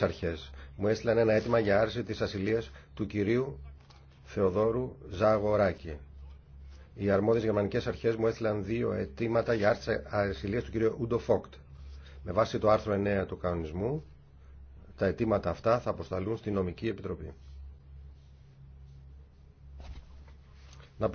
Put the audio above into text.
Αρχέ μου έστειλαν ένα αίτημα για άρση τη ασυλία του κυρίου Θεοδόρου Ζαγοράκη. Οι αρμόδιες γερμανικές αρχές μου έστειλαν δύο αιτήματα για άρση ασυλία του κυρίου Ούντο Φόκτ. Με βάση το άρθρο 9 του κανονισμού, τα αιτήματα αυτά θα αποσταλούν στην νομική επιτροπή.